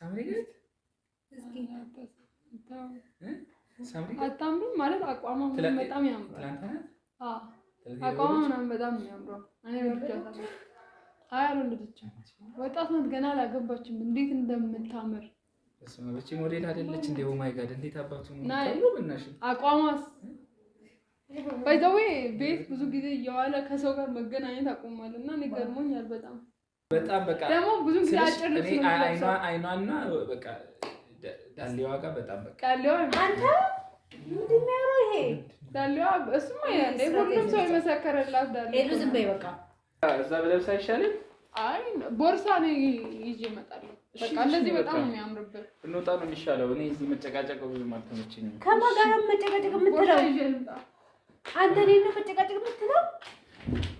ሳምሪገት አታምሩም ማለት አቋሟ በጣም ያምራል። አቋሟ ምናምን በጣም ያምራል። እኔ ወድጃታለሁ። ወጣት ናት ገና አላገባችም። እንዴት እንደምታምር በቺ ሞዴል አይደለች እንዴ? ኦ ማይ ጋድ! እንዴት አባቱ አቋሟስ ባይዘዌ ቤት ብዙ ጊዜ እየዋለ ከሰው ጋር መገናኘት አቆሟል እና እኔ ገርሞኛል በጣም በጣም በቃ ደግሞ ብዙ ጊዜ አጭር ነው። አይኗና በቃ ዳሌዋ ጋር በጣም በቃ ዳሌዋ አንተ ምንድን ነው ይሄ ዳሌዋ? እሱማ እንደ ሁሉም ሰው የመሰከረላት ዳሌዋ ሄዱ። ዝም በይ በቃ እዛ ብለብስ አይሻልም? አይ ቦርሳ ነው ይዤ እመጣለሁ። በቃ እንደዚህ በጣም ነው የሚያምርብህ። እንውጣ ነው የሚሻለው። እኔ እዚህ መጨቃጨቅ ብዙ አልተመቸኝም። ከማን ጋር መጨቃጨቅ የምትለው አንተ? እኔን ነው መጨቃጨቅ የምትለው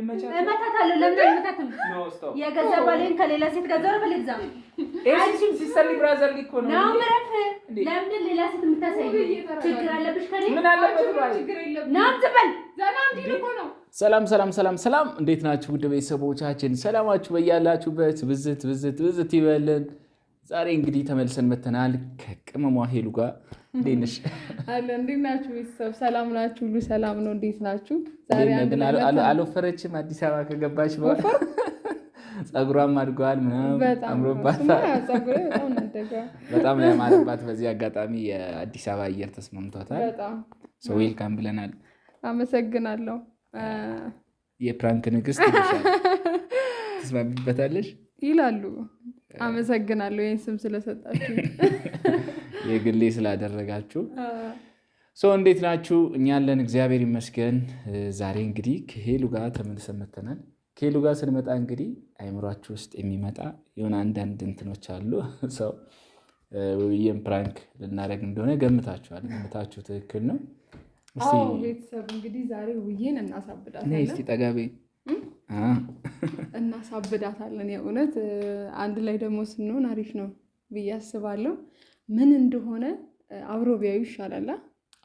እመታታለሁ። ሰላም ሰላም ሰላም ሰላም፣ እንዴት ናችሁ ውድ ቤተሰቦቻችን? ሰላማችሁ በያላችሁበት ብዝት ብዝት ብዝት ይበልን። ዛሬ እንግዲህ ተመልሰን መተናል ከቅመሟ ሄሉ ጋር። እንዴት ነሽ? አለ እንዴት ናችሁ? ቤተሰብ ሰላም ናችሁ? ሁሉ ሰላም ነው? እንዴት ናችሁ? አልወፈረችም? አዲስ አበባ ከገባች በኋላ ፀጉሯም አድጓል፣ ምናምን አምሮባታል። በጣም ላይ ማለባት በዚህ አጋጣሚ የአዲስ አበባ አየር ተስማምቷታል። ሰው ዌልካም ብለናል። አመሰግናለሁ። የፕራንክ ንግስት ትስማሚበታለሽ ይላሉ አመሰግናለሁ ይህን ስም ስለሰጣችሁ የግሌ ስላደረጋችሁ። ሶ እንዴት ናችሁ? እኛ ያለን እግዚአብሔር ይመስገን። ዛሬ እንግዲህ ከሄሉ ጋር ተመልሰን መተናል። ከሄሉ ጋር ስንመጣ እንግዲህ አይምሯችሁ ውስጥ የሚመጣ የሆነ አንዳንድ እንትኖች አሉ። ሰው ውብዬን ፕራንክ ልናደርግ እንደሆነ ገምታችኋል። ገምታችሁ ትክክል ነው። ቤተሰብ እንግዲህ ዛሬ ውብዬን እናሳብዳለን። እስኪ እናሳብዳታለን። የእውነት አንድ ላይ ደግሞ ስንሆን አሪፍ ነው ብዬ አስባለሁ። ምን እንደሆነ አብሮ ቢያዩ ይሻላል።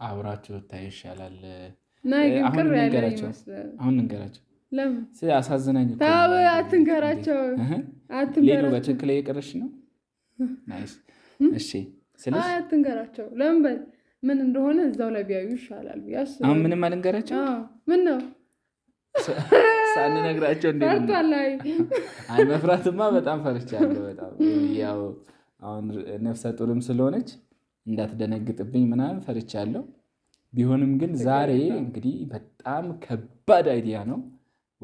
አብራቸው ብታይ ይሻላል። አሁን እንገራቸው። አሳዝናኝ። አትንገራቸው። ሌሉ በትክክል የቀረሽ ነው። እሺ አትንገራቸው። ለምን በል ምን እንደሆነ እዛው ላይ ቢያዩ ይሻላል ብዬ አሁን ምንም አልንገራቸው። ምን ነው ሳንነግራቸው እንዴ አይ መፍራትማ በጣም ፈርቻለሁ። በጣም ያው አሁን ነፍሰ ጡርም ስለሆነች እንዳትደነግጥብኝ ምናምን ፈርቻለሁ። ቢሆንም ግን ዛሬ እንግዲህ በጣም ከባድ አይዲያ ነው።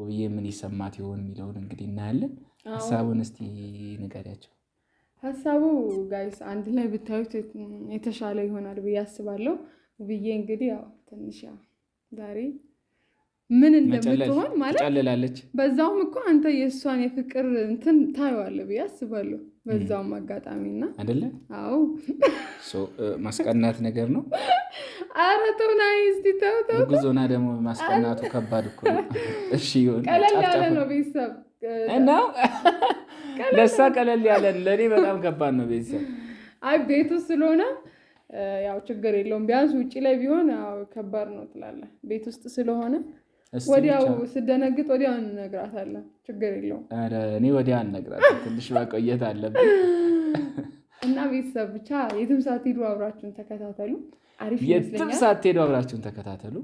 ውብዬ ምን ይሰማት ይሆን የሚለውን እንግዲህ እናያለን። ሀሳቡን እስቲ ንገሪያቸው። ሀሳቡ ጋይስ አንድ ላይ ብታዩት የተሻለ ይሆናል ብዬ አስባለሁ። ውብዬ እንግዲህ ያው ትንሽ ዛሬ ምን እንደምትሆን ማለት በዛውም እኮ አንተ የእሷን የፍቅር እንትን ታየዋለህ ብዬ አስባለሁ። በዛውም አጋጣሚ እና አደለ? አዎ ማስቀናት ነገር ነው። ኧረ ተው ናይ እስኪ ተው ተው። ጉዞና ደግሞ ማስቀናቱ ከባድ እኮ ነው። እሺ ቀለል ያለ ነው ቤተሰብ እና ለእሷ ቀለል ያለ ለእኔ በጣም ከባድ ነው ቤተሰብ። አይ ቤቱ ስለሆነ ያው ችግር የለውም። ቢያንስ ውጭ ላይ ቢሆን ከባድ ነው ትላለህ። ቤት ውስጥ ስለሆነ ወዲያው ስደነግጥ ወዲያው እንነግራታለን። ችግር የለውም። እኔ ወዲያ እንነግራታለን። ትንሽ መቆየት አለብን እና ቤተሰብ ብቻ የትም ሳትሄዱ አብራችሁን ተከታተሉ። የትም ሳትሄዱ አብራችሁን ተከታተሉ።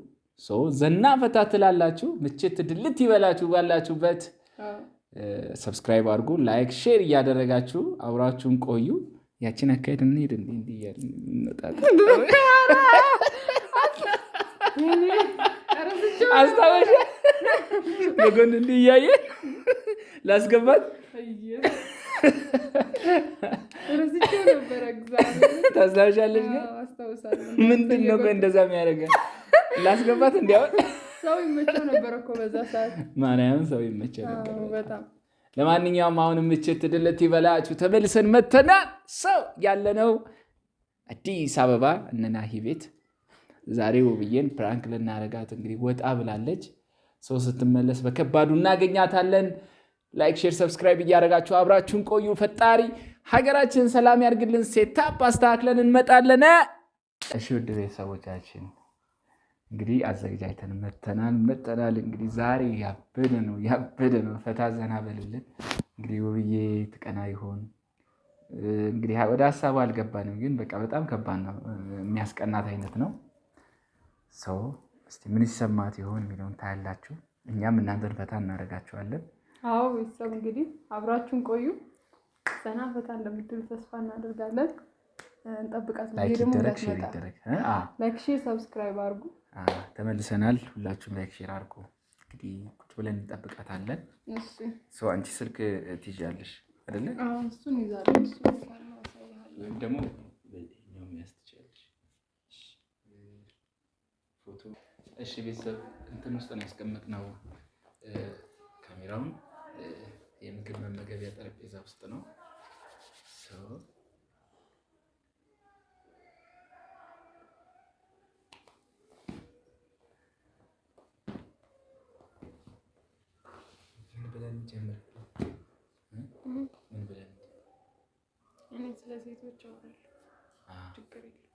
ዘና ፈታ ትላላችሁ። ምችት ድልት ይበላችሁ ባላችሁበት። ሰብስክራይብ አድርጉ፣ ላይክ፣ ሼር እያደረጋችሁ አብራችሁን ቆዩ። ያችን አካሄድ እንሄድ እንዲህ እንዲህ እያልን እንወጣለን። አስታወሻ በጎን እንዲህ እያየ ላስገባት ታስታወሻለች። ምንድን ነው እንደዛ የሚያደርገ ላስገባት እንዲያውም ሰው ይመቸው ነበር እኮ በዛ ሰዓት ማርያም ሰው ይመቸው ነበር በጣም። ለማንኛውም አሁን ምችት ድለት ይበላችሁ። ተመልሰን መተና ሰው ያለነው አዲስ አበባ እነናሂ ቤት ዛሬ ውብዬን ፕራንክ ልናረጋት እንግዲህ ወጣ ብላለች። ሰው ስትመለስ በከባዱ እናገኛታለን። ላይክ፣ ሼር፣ ሰብስክራይብ እያደረጋችሁ አብራችሁን ቆዩ። ፈጣሪ ሀገራችን ሰላም ያድርግልን። ሴታፕ አስተካክለን እንመጣለን። እሺ ውድ ቤተሰቦቻችን እንግዲህ አዘጋጃጅተን መተናል መጠናል። እንግዲህ ዛሬ ያበደ ነው ያበደ ነው። ፈታ ዘና በልልን። እንግዲህ ውብዬ ትቀና ይሆን? እንግዲህ ወደ ሀሳቡ አልገባንም፣ ግን በቃ በጣም ከባድ ነው። የሚያስቀናት አይነት ነው። ሰው እስቲ ምን ይሰማት ይሆን የሚለውን ታያላችሁ። እኛም እናንተን ፈታ እናደርጋችኋለን። አዎ ቤተሰብ እንግዲህ አብራችሁን ቆዩ። ዘና ፈታ እንደምትሉ ተስፋ እናደርጋለን። እንጠብቃት። ሼር፣ ሰብስክራይብ አድርጉ። ተመልሰናል። ሁላችሁም ላይክ ሼር አድርጉ። እንግዲህ ቁጭ ብለን እንጠብቃታለን። ሰው አንቺ ስልክ ትይዣለሽ አይደለ? እሱን ይዛለሁ ደግሞ ፎቶ። እሺ ቤተሰብ እንትን ውስጥ ነው ያስቀመጥነው ካሜራውን የምግብ መመገቢያ ጠረጴዛ ውስጥ ነው። ምን ብለን ጀምር? እኔ ስለ ሴቶች አውራለሁ። ችግር የለም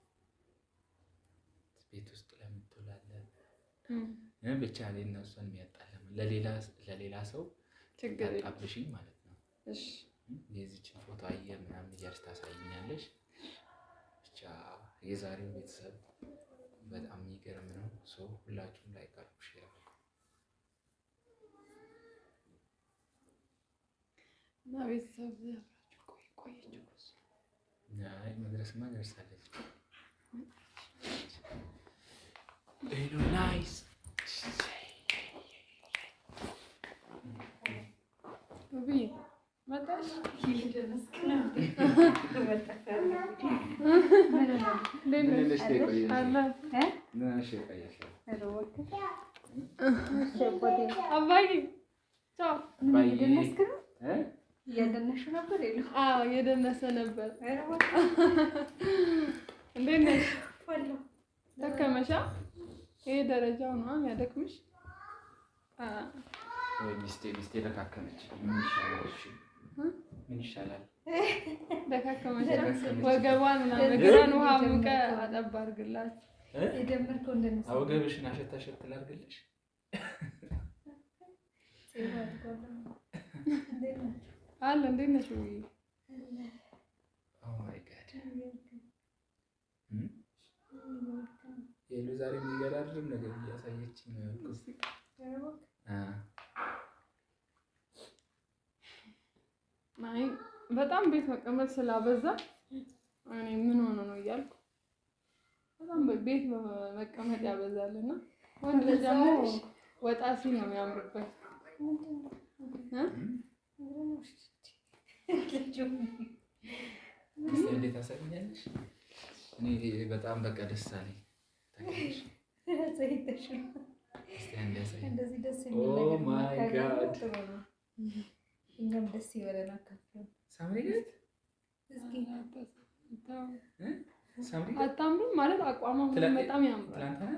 ቤት ውስጥ ለምን ትውላለህ? ብቻ እነሱን የሚያጣላ ለሌላ ሰው አጣብሽኝ ማለት ነው። የዚችን ፎቶ አየህ ምናምን እያልሽ ታሳይኛለሽ። ብቻ የዛሬው ቤተሰብ በጣም የሚገርም ነው። ሰው ሁላችሁም ላይ ካልኩሽ እና ቤተሰብ ቆየች መድረስማ ደርሳለች። Very nice. እያደነሽ ነበር? አዎ እየደነሰ ነበር። እንዴት ነሽ? ደከመሻ ይሄ ደረጃው ነው የሚያደክምሽ። ሚስቴ ሚስቴ ደካከመች። ምን ይሻላል? ደካከመች። ወገቧን ምናምን ግራን ውሃ ሙቀ አጠባ አድርግላት። ወገብሽን አሸታ ሸት ላድርግልሽ። አለ እንዴት ነሽ? ኦ ማይ ጋድ ይሄ ዛሬ የሚገራርም ነገር እያሳየችኝ ነው ያልኩት። በጣም ቤት መቀመጥ ስላበዛ እኔ ምን ሆነ ነው እያልኩ በጣም ቤት መቀመጥ ያበዛል እና ወንድ ልጅ ደግሞ ወጣ ሲል ነው የሚያምርበት። እንዴት አሳኛለሽ? እኔ በጣም በቃ ደስ አለኝ። እንደዚህ ደስ oh እኛም ደስ ይበለን። አታምሩም ማለት አቋሟ በጣም ያምራል።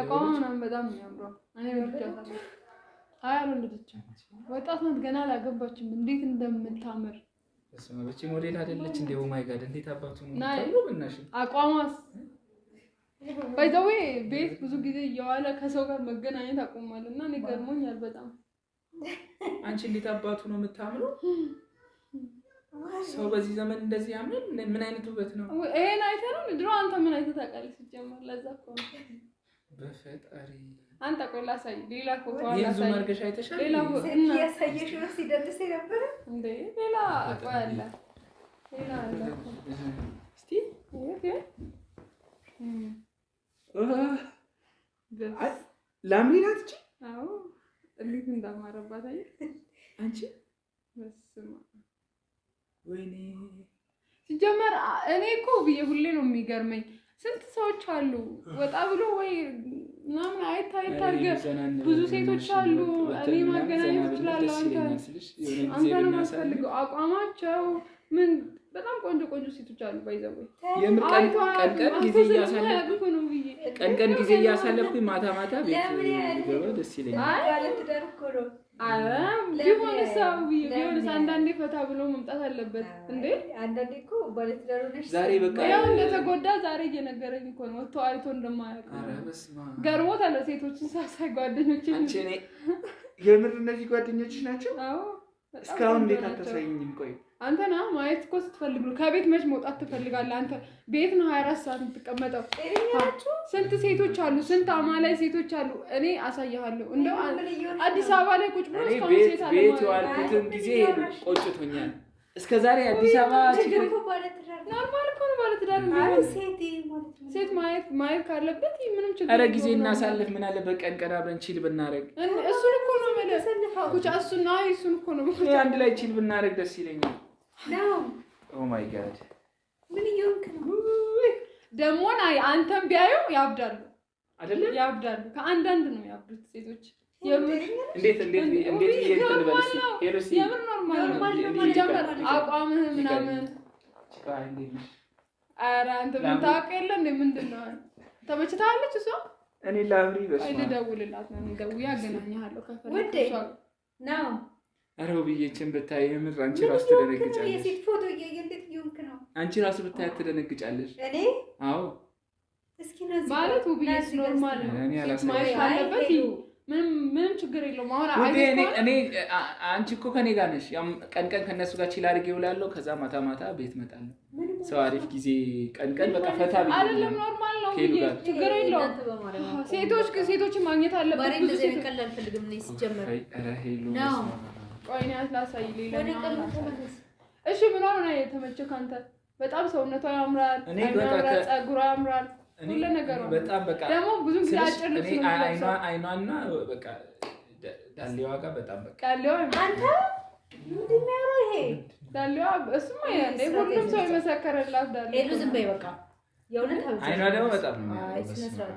አቋሟ ምናምን በጣም ያምራል። እኔ ወርጃታለሁ። ወጣት ናት፣ ገና አላገባችም። እንዴት እንደምታምር ሞዴል አይደለች? እንደ ኦ ማይ ጋድ! እንዴት አባቱ ነው አቋሟስ ባይዘዌ ቤት ብዙ ጊዜ እየዋለ ከሰው ጋር መገናኘት አቆሟል እና እኔ ገርሞኛል በጣም። አንቺ እንዴት አባቱ ነው የምታምነው? ሰው በዚህ ዘመን እንደዚህ ያምን ምን አይነት ውበት ነው? ይሄን አይተህ ነው ድሮ አንተ ምን አይተህ ታውቃለህ? ሲጀመር ለዛ እኮ ነው። በፈጣሪ አንተ ቆይ ላሳይህ፣ ሌላ ፎቶ አላሳይህ። መርገሻ አይተሻል? ሌላ ያሳየሽ ነው ሲደልስ የነበረ እንዴ? ሌላ ቆይ አለ፣ ሌላ አለ እስቲ ላም ሌላት እንዴት እንዳማረባት አንቺ ወይኔ ሲጀመር እኔ እኮ ብዬ ሁሌ ነው የሚገርመኝ። ስንት ሰዎች አሉ ወጣ ብሎ ወይ ምናምን አየት አየት ብዙ ሴቶች አሉ። እኔ ማገናኘት እችላለሁ፣ አንተ ነው የማስፈልገው። አቋማቸው ምን በጣም ቆንጆ ቆንጆ ሴቶች አሉ። ባይዘው ቀን ቀን ጊዜ እያሳለፍኩ እያሳለፍኩኝ ማታ ማታ ቤት ደስ ይለኛል። ሰው ቢሆን አንዳንዴ ፈታ ብሎ መምጣት አለበት እንዴ። ዛሬ በቃ ያው እንደተጎዳ ዛሬ እየነገረኝ እኮ ነው ወጥቶ አይቶ እንደማያውቅ ገርሞት አለ። ሴቶችን ሳሳይ ጓደኞች የምር እነዚህ ጓደኞች ናቸው። እስካሁን እንዴት አታሳይኝም? ቆይ አንተ ና ማየት እኮ ስትፈልግ ነው። ከቤት መች መውጣት ትፈልጋለህ አንተ? ቤት ነው 24 ሰዓት የምትቀመጠው። ስንት ሴቶች አሉ፣ ስንት አማላይ ሴቶች አሉ። እኔ አሳያለሁ። እንደ አዲስ አበባ ላይ ቁጭ ብሎ ቤት ያልኩትን ጊዜ ሄዱ ቆጭቶኛል። እስከ ዛሬ አዲስ አበባ ኖርማል እኮ ነው ማለት ዳር ሴት ማየት ማየት ካለበት ምንም ችግር ኧረ ጊዜ እናሳልፍ። ምን አለ በቀን ቀና ብለን ቺል ብናደርግ እሱን እኮ ነው እሱን እኮ ነው አንድ ላይ ቺል ብናደርግ ደስ ይለኛል። ኦማይ ጋድ oh ምን እየሆንክ ነው? ደግሞ አንተም ቢያዩ ያብዳሉ አይደለ? ያብዳሉ። ከአንዳንድ ነው ያብዱት ሴቶች። የምር ኖርማል ነው አቋምህ ምናምን። ኧረ አንተ ምን ታውቅ የለ እንደ ምንድን ነው ተመችታለች እሷ። እኔ ላብሪ በስመ አብ ነው። ከፈለግሽ ነው ኧረ ውብዬችን ብታይ የምር አንቺ ራሱ ትደነግጫለሽ። አንቺ ራሱ ብታይ ትደነግጫለሽ። አዎ ማለት ኖርማል አለበት ምንም ችግር የለውም። አሁን አንቺ እኮ ከኔ ጋር ነሽ። ቀን ቀን ከእነሱ ጋር ችላ አድርጌ እውላለሁ። ከዛ ማታ ማታ ቤት እመጣለሁ። ሰው አሪፍ ጊዜ ቀን ቀን በቃ ፈታ አይደለም። ኖርማል ነው፣ ችግር የለውም። ሴቶች ሴቶችን ማግኘት አለበት። ቆይናት ላሳይ። እሺ ምን ሆነ የተመቸ ካንተ? በጣም ሰውነቷ ያምራል፣ ፀጉሯ ያምራል፣ ሁሉ ነገሯ በጣም በቃ ደግሞ ብዙ ጊዜ አጭር ልብስ ነው። አይኗና በቃ ዳሌዋ ጋር በጣም በቃ ዳሌዋ አንተ ይሄ ዳሌዋ እሱማ እንደ ሁሉም ሰው የመሰከረላት ዳሌዋ ዝም በይ በቃ የእውነት አይኗ ደግሞ በጣም ነው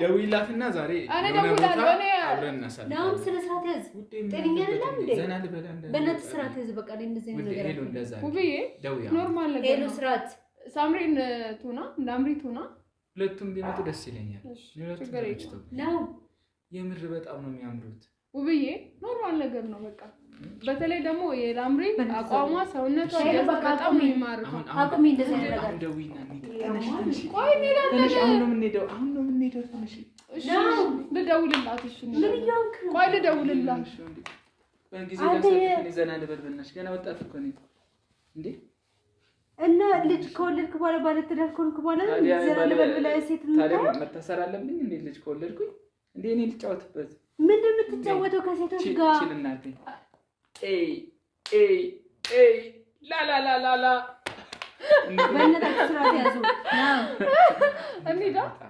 ደውይላትና ዛሬ ናሁም ስነ ስርዓት ያዝ። ስርዓት ያዝ። በቃ ስርዓት ሳምሪን ቱና ቱና ሁለቱም ቢመጡ ደስ ይለኛል። የምር በጣም ነው የሚያምሩት። ውብዬ ኖርማል ነገር ነው በቃ። በተለይ ደግሞ የላምሪ አቋሟ ሰውነቷ በጣም ነው የሚማርከው። አቅሚ እንደዚህ ነገር ቆይ አሁን ነው የምንሄደው አሁን ገና ወጣት እኮ ነኝ እንዴ እና ልጅ ከወለድክ በኋላ ባለ ትዳር ከሆንክ በኋላ ሴት ልጅ ከወለድኩኝ እንዴ እኔ ልጫወትበት? ምንድን የምትጫወተው ከሴቶች ጋር ላላላላላ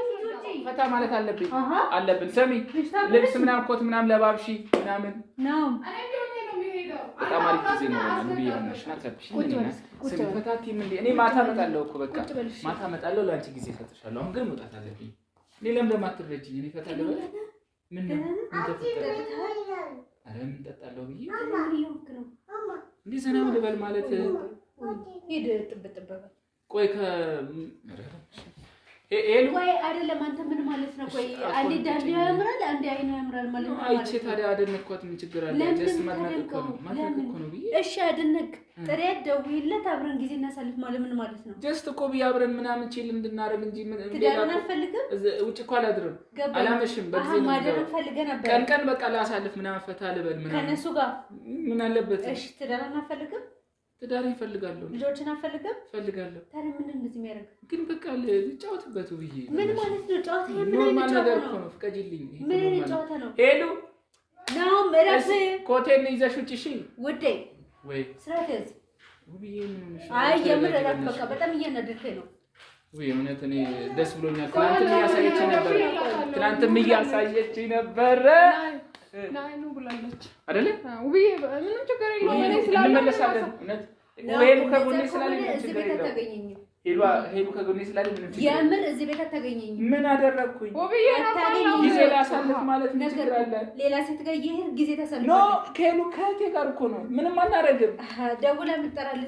ፈታ ማለት አለብኝ አለብን። ሰሚ ልብስ ምናምን ኮት ምናምን ለባብሺ ምናምን በጣም አሪፍ ጊዜ ነው። እኔ ማታ እመጣለሁ እኮ በቃ ማታ እመጣለሁ። ለአንቺ ጊዜ እሰጥሻለሁ። አሁን ግን መውጣት አለብኝ። ሌላም ደግሞ እኔ ፈታ ልበል። ምን ምን እንጠጣለሁ ብዬ እንዲህ ዘና ልበል ማለት ቆይ ከ ወይ አይደለም። አንተ ምን ማለት ነው? ቆይ አንዴ ዳሌ ያምራል፣ አንዴ አይኑ ያምራል ማለት ነው። አይቼ ታዲያ አደነቅኳት። ምን ችግር አለ? እሺ አደነቅ። ጥሬ ደውይለት፣ አብረን ጊዜ እናሳልፍ ማለት ምን ማለት ነው? ጀስት እኮ አብረን ምናምን ችል እንድናረግ እንጂ ትዳሩን አልፈልግም። ውጭ እኮ አላድርም፣ አላመሽም። ማደር ፈልገህ ነበር። ቀን ቀን በቃ ላሳልፍ ምናምን ፈታ ልበል ምናምን ከነሱ ጋር ምን አለበት? እሺ አልፈልግም ትዳር ይፈልጋለሁ። ልጆችን አፈልግም ፈልጋለሁ። ታዲያ ምን እንደዚህ የሚያደርግ ግን በቃ ልጫወትበት ብዬ ምን ማለት ነው? ጨዋታ ኖርማል ነገር እኮ ነው። ፍቀጂልኝ። ምን ጨዋታ ነው? ሄሉ ነው ምረፍ ኮቴን ይዘሽ ውጭ። እሺ ውዴ፣ ወይ ምን ትያዝ። አይ የምር በቃ በጣም እያናደድከኝ ነው። ውይ እውነት እኔ ደስ ብሎኛል። ትናንትም እያሳየችኝ ነበረ፣ ትናንትም እያሳየችኝ ነበረ ናይኑ ብላለች አይደለ? ውብዬ ምንም ችግር የለውም። እኔ ስላለ እውነት ውብዬ ከጎኔ ስላለ ችግር የለውም። ሄሉ ከጎኔ ስላለ ምንም የምር እዚህ ቤት አታገኘኝ። ምን አደረግኩኝ? ጊዜ ላሳልፍ ማለት ሌላ ሴት ጋር ይህ ጊዜ ተሰልፍ ኖ ከሄሉ ከቴ ጋር እኮ ነው። ምንም አናደርግም። ደውላ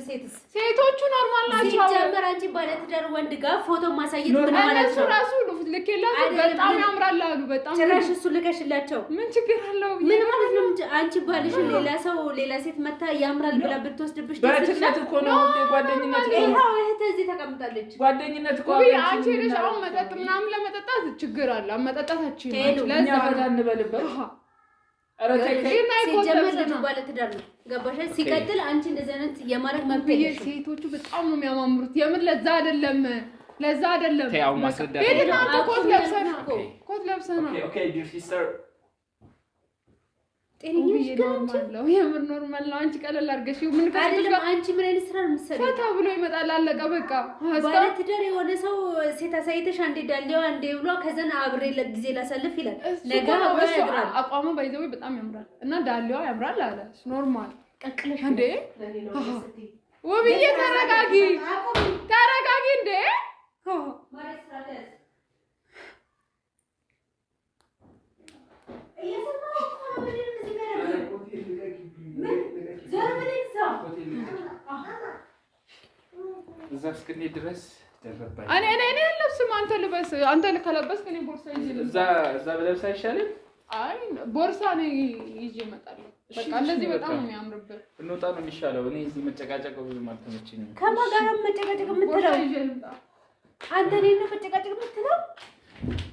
ሴትስ ሴቶቹ ኖርማል ናቸው። ሲጀመር አንቺ ባለትዳር ወንድ ጋር ፎቶ ማሳየት ምን ማለት ነው? ራሱ በጣም ያምራል አሉ። በጣም ጭራሽ እሱ ልከሽላቸው ምን ችግር አለው? ምን ማለት ነው? አንቺ ባልሽ ሌላ ሰው ሌላ ሴት መታ ያምራል ብላ ብትወስድብሽ በትነት እኮ ነው ጓደኝነት ነው ተቀምጣለች። ጓደኝነት አንቺ ሄደሽ አሁን መጠጥ ምናምን ለመጠጣት ችግር አለ። አመጠጣታችን እንበልበት ሲጀመር ልጁ ሲቀጥል አንቺ እንደዚህ አይነት ሴቶቹ በጣም ነው የሚያማምሩት። የምን ለዛ አይደለም ለዛ አይደለም። ኮት ለብሰና ኮት ለብሰና የምር ኖርማል ነው። አንቺ ቀለል አድርገሽ ምን አንቺ ምን አይነት ስራ ነው ፈታ ብሎ ይመጣል። አለቀ በቃ። ባለ ትዳር የሆነ ሰው ሴት አሳይተሽ አንዴ ዳሌዋ አንዴ ብሎ ከዘን አብሬ ጊዜ ላሳልፍ ይላል። ነገ አቋሙ ባይዘው በጣም ያምራል እና ዳሌዋ ያምራል አለ ኖርማል። ቀቅለሽ እንዴ ውብዬ ተረጋጊ፣ ተረጋጊ እንዴ ማለት እዛ እስክንሄድ ድረስ እኔ እኔ አልለብስም። አንተ ልበስ። አንተ ከለበስክ እኔ ቦርሳ ይዤ እዛ እዛ ብለብስ አይሻልም? አይ ቦርሳ ነው ይዤ እመጣለሁ። በቃ እንደዚህ በጣም ነው የሚያምርብህ። እንውጣ ነው የሚሻለው። እኔ እዚህ መጨቃጨቅ ብዙም አልተመቸኝም። ከማን ጋር መጨቃጨቅ የምትለው አንተ? እኔን ነው መጨቃጨቅ የምትለው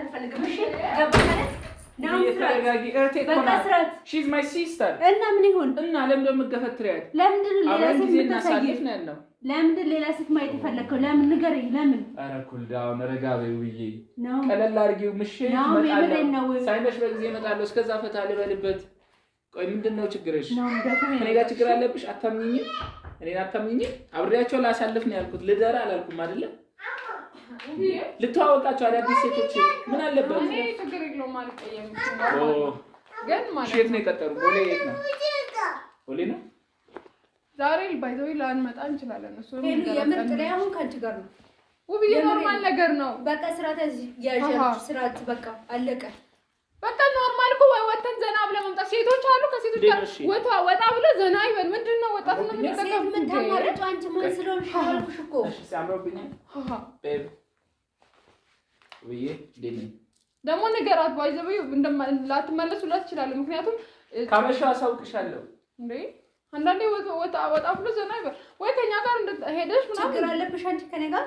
አልፈልግም። እሺ እና ምን ይሁን እና ለምንድን የምትገፈትሪያት? ለምንድን ሌላ ሴት የምታሳየው? ለምንድን ሌላ ሴት ማየት የፈለግከው? ለምን ንገረኝ። ለምን ረጋ በይ ውዬ፣ ቀለል አድርጊው። ምሽት ሳይመሽ በጊዜ እመጣለሁ። እስከዛ ፈታ ልበልበት። ቆይ ምንድን ነው ችግርሽ? እኔ ጋር ችግር አለብሽ? አታምኚኝም? እኔን አታምኚኝም? አብሬያቸው ላሳልፍ ነው ያልኩት። ልደራ አላልኩም አይደለም ልተዋወቃቸው አዳዲስ ሴቶች ምን አለበት? የት ነው የቀጠሩ? ቦሌ የት ነው? ቦሌ ነው። ዛሬ ባይዘዊ ላንመጣ እንችላለን። እሱ የምርጥ ላይ አሁን ከአንቺ ጋር ነው። ውብዬ ኖርማል ነገር ነው። በቃ ስራ ተዚህ ስራት በቃ አለቀ። በቃ ኖርማል እኮ ወተን ዘና ብለህ መምጣት ሴቶች አሉ። ከሴቶች ጋር ወጣ ወጣ ብለህ ዘና ይበል። ምንድን ነው ወጣት ነው የምንጠቀምበት? አንቺ ማን ስለሆንሽ አልኩሽ እኮ ውብዬ እንዴት ነኝ? ደግሞ ንገራት ባይዘበዩ ላትመለሱላት ይችላሉ። ምክንያቱም ካመሻ አሳውቅሻለሁ። እንዴ አንዳንዴ ወጣ ብሎ ዘና ይበል ወይ ከኛ ጋር ሄደሽ ምናምን ችግር አለብሽ አንቺ ከኔ ጋር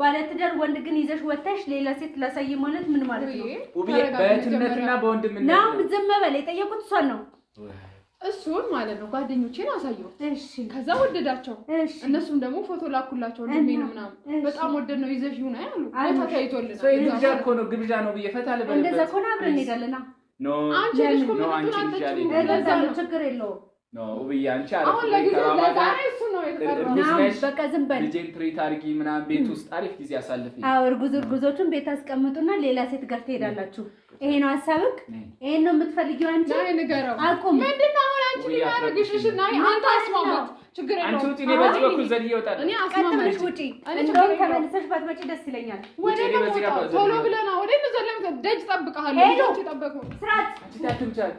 ባለትዳር ወንድ ግን ይዘሽ ወተሽ ሌላ ሴት ላሳይ ማለት ምን ማለት ነው? ውብዬ በእህትነትና በወንድምነት ነው። ዝም በል የጠየቁት እሷን ነው። እሱን ማለት ነው ጓደኞቼን አሳየው። እሺ፣ ከዛ ወደዳቸው። እሺ እነሱም ደግሞ ፎቶ ላኩላቸው ወንድሜ ነው ምናምን በጣም ወደድ ነው ይዘሽ ይሁን አይሉ ቦታ ታይቶልናል። ሰው ግብዣ እኮ ነው ግብዣ ነው ብዬ ፈታ ልበል። እንደዛ ከሆነ አብረን እንሄዳለንና ኖ አንቺ ልጅ ኮሚኒቲ አንቺ ልጅ ያለ ችግር የለውም እርጉዞቹን ቤት አስቀምጡና ሌላ ሴት ጋር ትሄዳላችሁ። ይሄ ነው ሀሳብክ? ይሄን ነው የምትፈልጊው አንቺ? አቁም። ምንድን ነው አሁን አንቺ ሊያደርግሽ? እሺ እና አንተ አስማማት ችግር የለውም። አንቺ ውጪ፣ እኔ በዚህ በኩል ዘልዬ ውጪ። እንደውም ተመልሰሽ ባትመጪ ደስ ይለኛል። ወደ ነው ቶሎ ብለና ወደ ነው ዘለም። ደጅ ጠብቀሃለሁ። ሄዶ ስርዓት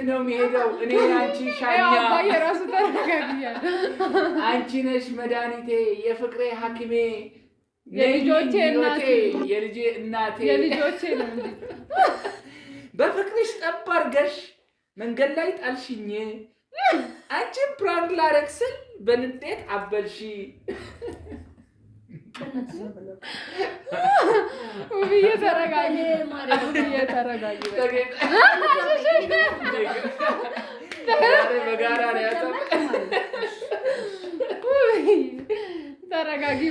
የት ነው የሚሄደው? እኔ አንቺ ሻኛ የራሱ ተረጋግያል። አንቺ ነሽ መድኃኒቴ፣ የፍቅሬ ሐኪሜ፣ የልጆቼ እናቴ፣ የልጄ እናቴ፣ የልጆቼ በፍቅርሽ ጠብ አድርገሽ መንገድ ላይ ጣልሽኝ። አንቺን ፕራንክ ላረግ ስል በንዴት አበልሺ። ተረጋጊ።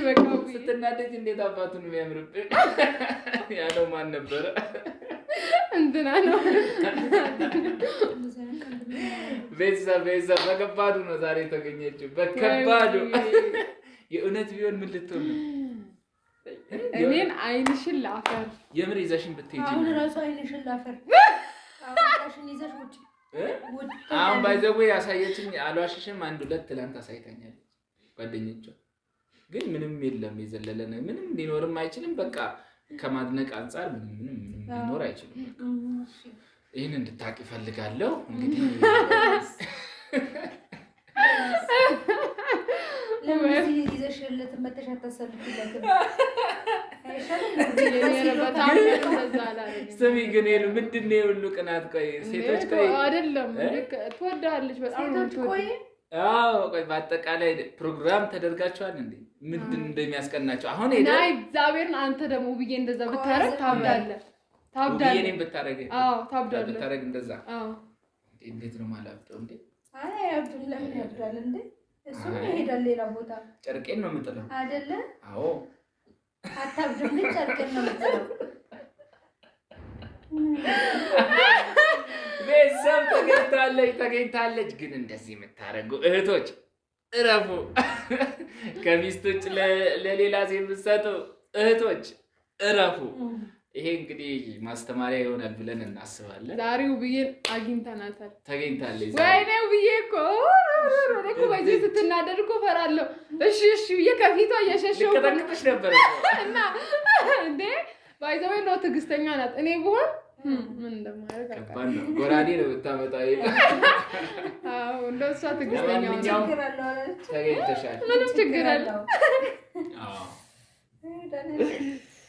በቃ ስትናደጅ እንዴት አባቱን የሚያምርብህ ያለው ማን ነበረ? እንትና ነው። ቤተሰብ ቤተሰብ በከባዱ ነው ዛሬ የተገኘችው፣ በከባዱ የእውነት ቢሆን ምን ልትሆን ነው? እኔን አይንሽን ላፈር የምር ይዘሽን ብትሄጂ አሁን ራሱ አይንሽን ላፈር አሁን ባይዘዌ ያሳየችኝ አልዋሽሽም። አንድ ሁለት ትላንት አሳይታኛለች ጓደኞቿ። ግን ምንም የለም የዘለለ ምንም ሊኖርም አይችልም። በቃ ከማድነቅ አንጻር ምንም ምንም ሊኖር አይችልም። ይህን እንድታቅ ይፈልጋለሁ እንግዲህ አልሰግድለትም መተሽ አታሰልፊለትም። ስሚ ግን ምንድን ነው የሁሉ ቅናት? ቆይ ሴቶች ቆይ አይደለም ትወዳለች በጣም ቆይ በአጠቃላይ ፕሮግራም ተደርጋችኋል እንዴ? ምንድን እንደሚያስቀናቸው አሁን ሄደ እግዚአብሔርን አንተ ደግሞ ብዬ እንደዛ ብታረግ ታብዳለህ፣ ታብዳለህ። እኔም ብታረግ አዎ ታብዳለህ። ብታረግ እንደዛ አዎ። እንዴት ነው ማላብጠው እንዴ? አይ አብዱላህ ያብዳል እንዴ? እሱም ይሄዳል ሌላ ቦታ። ጨርቄን ነው የምጥለው አይደለ? አዎ፣ አታብድም። ጨርቄን ነው የምጥለው። ቤተሰብ ተገኝታለች ተገኝታለች። ግን እንደዚህ የምታደርጉ እህቶች እረፉ። ከሚስቶች ለሌላ ሴት የምትሰጡ እህቶች እረፉ። ይሄ እንግዲህ ማስተማሪያ ይሆናል ብለን እናስባለን። ዛሬው ብዬን አግኝተናታል፣ ተገኝታለች። ወይኔው ብዬ እኮ በዚህ ስትናደድ እኮ እፈራለሁ። እሺ እሺ ብዬ ከፊቷ እየሸሸው ልቀጠቅጥሽ ነበረ እና እንዴ ባይዘዌ ነው ትዕግስተኛ ናት። እኔ ብሆን ምን እንደማደርግ አውቃለሁ። ጎራዴ ነው ብታመጣ እንደሷ እሷ ትዕግስተኛ ተገኝተሻል። ምንም ችግር አለው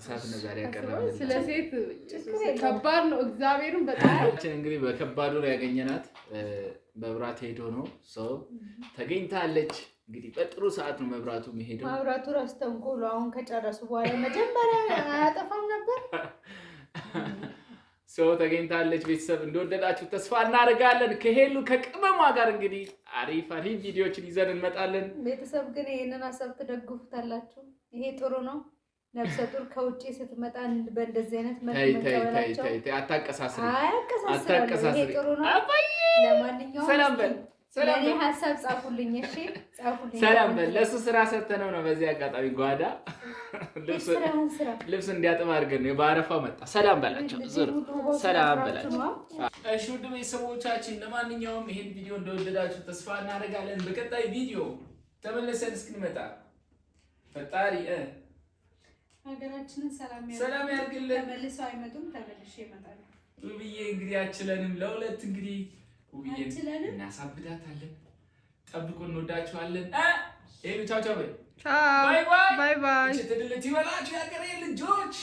እሳት ነጋሪ ያቀረበ ስለ ሴት ከባድ ነው። እግዚአብሔርን በጣምችን እንግዲህ በከባዱ ላይ ያገኘናት መብራት ሄዶ ነው ሰው ተገኝታለች። እንግዲህ በጥሩ ሰዓት ነው መብራቱ የሚሄደው። መብራቱ ራስ ተንኮሉ አሁን ከጨረሱ በኋላ መጀመሪያ አያጠፋም ነበር። ሰው ተገኝታለች። ቤተሰብ እንደወደዳችሁ ተስፋ እናደርጋለን። ከሄሉ ከቅመሟ ጋር እንግዲህ አሪፍ አሪፍ ቪዲዮችን ይዘን እንመጣለን። ቤተሰብ ግን ይህንን ሀሳብ ትደግፉታላችሁ። ይሄ ጥሩ ነው። ነብሰ ጡር ከውጭ ስትመጣ በእንደዚህ አይነት መቀበላቸው አታቀሳስሪ፣ አታቀሳስሪ። ሰላም በል ሰላም ሀሳብ ጻፉልኝ። እሺ ጻፉልኝ። ሰላም በል ለእሱ ስራ ሰተነው ነው። በዚህ አጋጣሚ ጓዳ ልብስ እንዲያጥብ አድርገን ነው። በአረፋ መጣ። ሰላም በላቸው፣ ሰላም በላቸው። እሺ ውድ ቤተሰቦቻችን፣ ለማንኛውም ይህን ቪዲዮ እንደወደዳችሁ ተስፋ እናደርጋለን። በቀጣይ ቪዲዮ ተመለሰን እስክንመጣ ፈጣሪ ሀገራችንን ሰላም ያድርግልን። ተመልሰው አይመጡም፣ ተመልሼ ውብዬ እንግዲህ አችለንም ለሁለት እንግዲህ ውብዬ እናሳብዳታለን። ጠብቁ፣ እንወዳችኋለን። ቻው ቻው፣ ባይ ባይ። ትድልት ይበላችሁ ልጆች።